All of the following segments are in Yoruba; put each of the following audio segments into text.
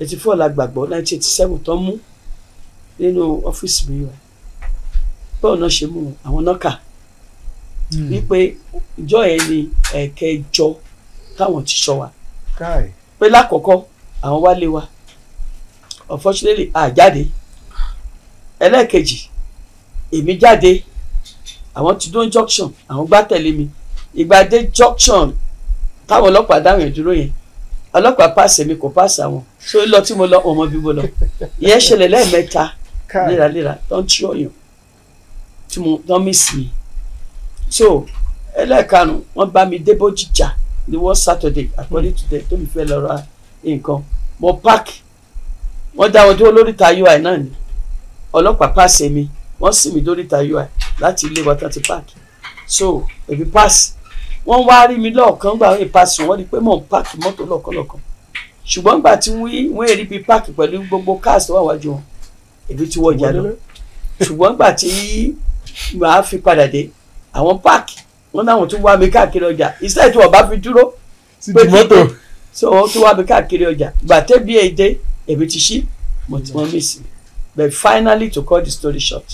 eighty four la gbàgbọ́ nineteen eighty seven tó mú nínú ọ́fíìsì mi wa báwo náà ṣe mú àwọn náà kà hmm. wípé ìjọ yẹn ni ẹ̀kẹjọ táwọn ti sọ wa pé lákọ̀ọ́kọ́ àwọn wá lé wa unfortunately àjáde ẹlẹ́ẹ̀kejì èmi jáde àwọn ti dún junction àwọn gbá tẹ̀lé mi ìgbà dé junction táwọn ọlọ́pàá dáhùn ẹ̀ dúró yẹn ọlọ́pàá pàṣẹ mi kò pàṣẹ àwọn ṣó lọ tí mo lọ ọmọ bí mo lọ ìyẹn ṣẹlẹ̀ lẹ́ẹ̀mẹ́ta léraléra tó ń tí ọyàn tí mo tó ń mísì mi so ẹlẹ́ẹ̀karùn-ún wọ́n bá mi débó jíjà ní wọ́n Saturday according to them tó mi fẹ́ lọ ra nǹkan mo park wọ́n dá wọn dúró lóríta UI náà ni ọlọ́pàá pàṣẹ mi wọ́n sì mí lóríta UI láti ilé wa tó ti park so èmi pass wọ́n wá rí mi lọ́ọ̀kan gbà ìpasẹ̀ wọ́n rí pé mò ń páàkì mọ́tò lọ́kànlọ́kàn ṣùgbọ́n gbà tí wọ́n rí bí páàkì pẹ̀lú gbogbo cars tó wà wájú wọn èmi ti wọ̀ jálọ ṣùgbọ́n gbà tí màá fi padà dé àwọn páàkì wọn náà tún wá mi káàkiri ọjà iṣẹ́ tí wọ́n bá fi dúró pé kí mọ́tò so wọ́n tún wá mi káàkiri ọjà gbà tẹ́bi èdè èmi ti ṣí mo ti wọ́n mí sí but finally to cut the story short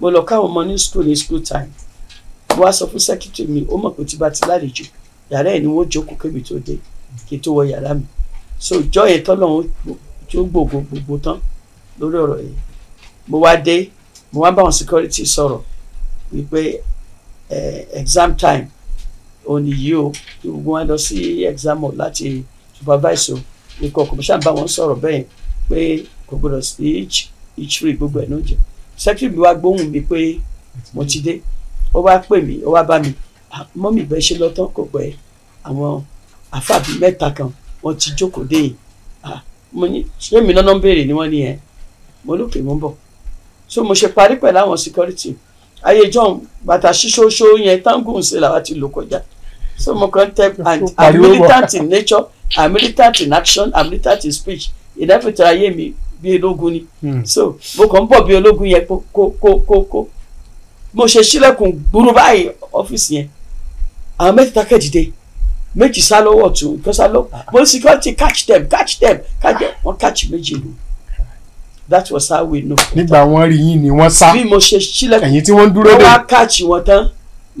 mo lọ káwọn ọmọ ní school ní school time mo wá sọ fún sẹ́kítì mi ó mọ̀ pé tí bá ti lálejò yàrá ẹ̀ ni wọ́n jókòó kébi tó dé kí tó wọ yàrá mi so ìjọ yẹn tọ́lọ́run tó gbòògò gbogbo tán lórí ọ̀rọ̀ yìí mo wá dé mo wá bá àwọn security sọ̀rọ̀ wípé exam time òní yìí o gbogbo wọn lọ sí exam hall láti supervise o ikọ̀ kọ̀mọ̀ṣà bá wọn sọ̀rọ̀ bẹ́ẹ̀ pé kò gbọdọ̀ sí ìtìrì gbogbo ẹ̀ ló jẹ́ secretary mi wá gbóhùn mi pé mo ti dé ó wá pè mí ó wá bá mi mọ́mì bẹ́ẹ̀ ṣe lọ́tọ́ kò pẹ́ àwọn àfàbí mẹ́ta kan wọ́n ti jókòó dé yìí mo ní ṣé mi lọ́nà ń béèrè ni wọ́n ní yẹn mo lókè mo ń bọ̀ so mo ṣe parí pẹ̀lú àwọn security ayé john bàtà ṣíṣóṣó yẹn tangun ṣe làwa ti lò kọjá so mo kàn tẹ and militant in nature a militant in action a militant in speech ìdáfẹ́tẹ̀ ayé mi bí ológun ni hmm. so mo kàn ń bọ̀ bí ológun yẹn kó kó kó kó mo ṣe ṣílẹ̀kùn gbúrú báyìí ọ́fíìsì yẹn àwọn mẹ́tẹ̀ẹ̀ta kẹ́dìde méjì sá lọ́wọ́ ọ̀tún ìkan sá lọ́wọ́ ah. mo security catch them catch them catch them wọ́n catch méjì lù that was how we know. nígbà wọ́n rí yín ni wọ́n sá bí mo ṣe ṣílẹ̀kùn ẹ̀yin tí wọ́n ń dúró dé wọ́n wá catch wọn tán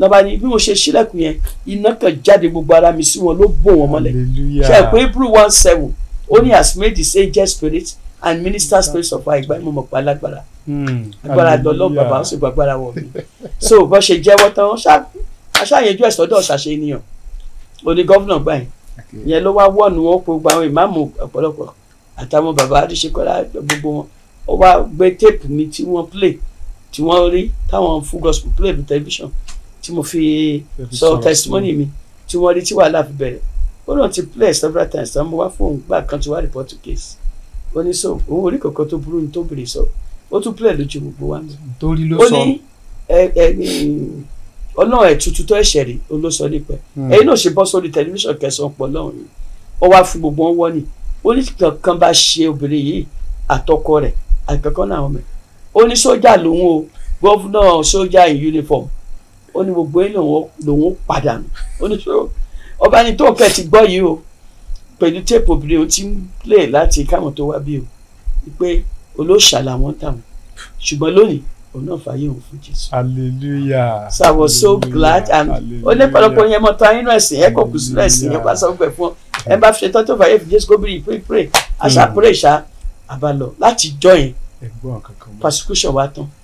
lọ́ba ni bí mo ṣe ṣílẹ̀kùn yẹn iná kan jáde gbogbo ara mi sí wọn ló bò wọn mọ́lẹ̀ ṣe é pé Hebrew one seven only as made his angel spirit and minister spirit of our ìgbà ìmọ̀mọ̀pá Hmm. agbára dọlọ bàbá ó sì gba agbára wọn mi so bó ṣe jẹ́wọ́ tán aṣáyẹjú ẹ̀ sọ́dọ̀ ṣàṣe ènìyàn oní gọ́vnà gbà yẹn yẹn ló wá wọ́ọ̀nù wọn kó gba àwọn ìmáàmù ọ̀pọ̀lọpọ̀ àtàwọn bàbá adéṣekọ́lá gbogbo wọn ó wá gbé téèpù mi tí wọ́n play tí wọ́n rí táwọn full gospel play ní tẹlifíṣàn tí mo fi sọ testimony mi tí wọ́n rí tí wàhálà fi bẹ̀rẹ̀ ó lóun ti play several times tán mo wá fóun gbà kan tí wàá report case ó ní so òun orí kòkó tó burú ni tó bèrè sọ ó tún plẹ̀ lójú gbogbo wa torí ló sọ ó ní ọlọ́run ẹ̀tútù tó ẹ̀ṣẹ̀ rè ó ló sọ nípẹ́ hmm. ẹ̀yin náà ṣe bọ́ sórí tẹlifíṣàn kẹsàn-án pọ̀ lọ́run yìí ó wá fún gbogbo wọn wọ́nì ó ní kankan bá ṣe obìnrin yìí àtọkọ rẹ̀ àkẹ́kọ̀ọ́ náà mẹ́ ó ní sójà lòun o gọ́fúnà sójà in uniform ó ní gbogbo yín lòun ó pàdánù ó ní sọ ọba ní tó kẹ́ ti gbọ́ yìí o pẹ̀lú téèpù obìnrin ó ti ń lè láti káwọn tó wá bí o pé olóòṣà làwọn táwọn ṣùgbọ́n lónìí òun náà fààyè òun fún jésù. hallelujah. so i was so glad and ó ní pọ̀lọpọ̀ yẹn mọ tán inú ẹsìn yẹn kò kù sínú ẹsìn yẹn pàṣẹ ọgbẹ fún ọ ẹ bá fi tọ́tò fààyè fún jésù gómìnà pray pray àṣà hmm. pray ṣá àbálọ láti jọ persecution wa tán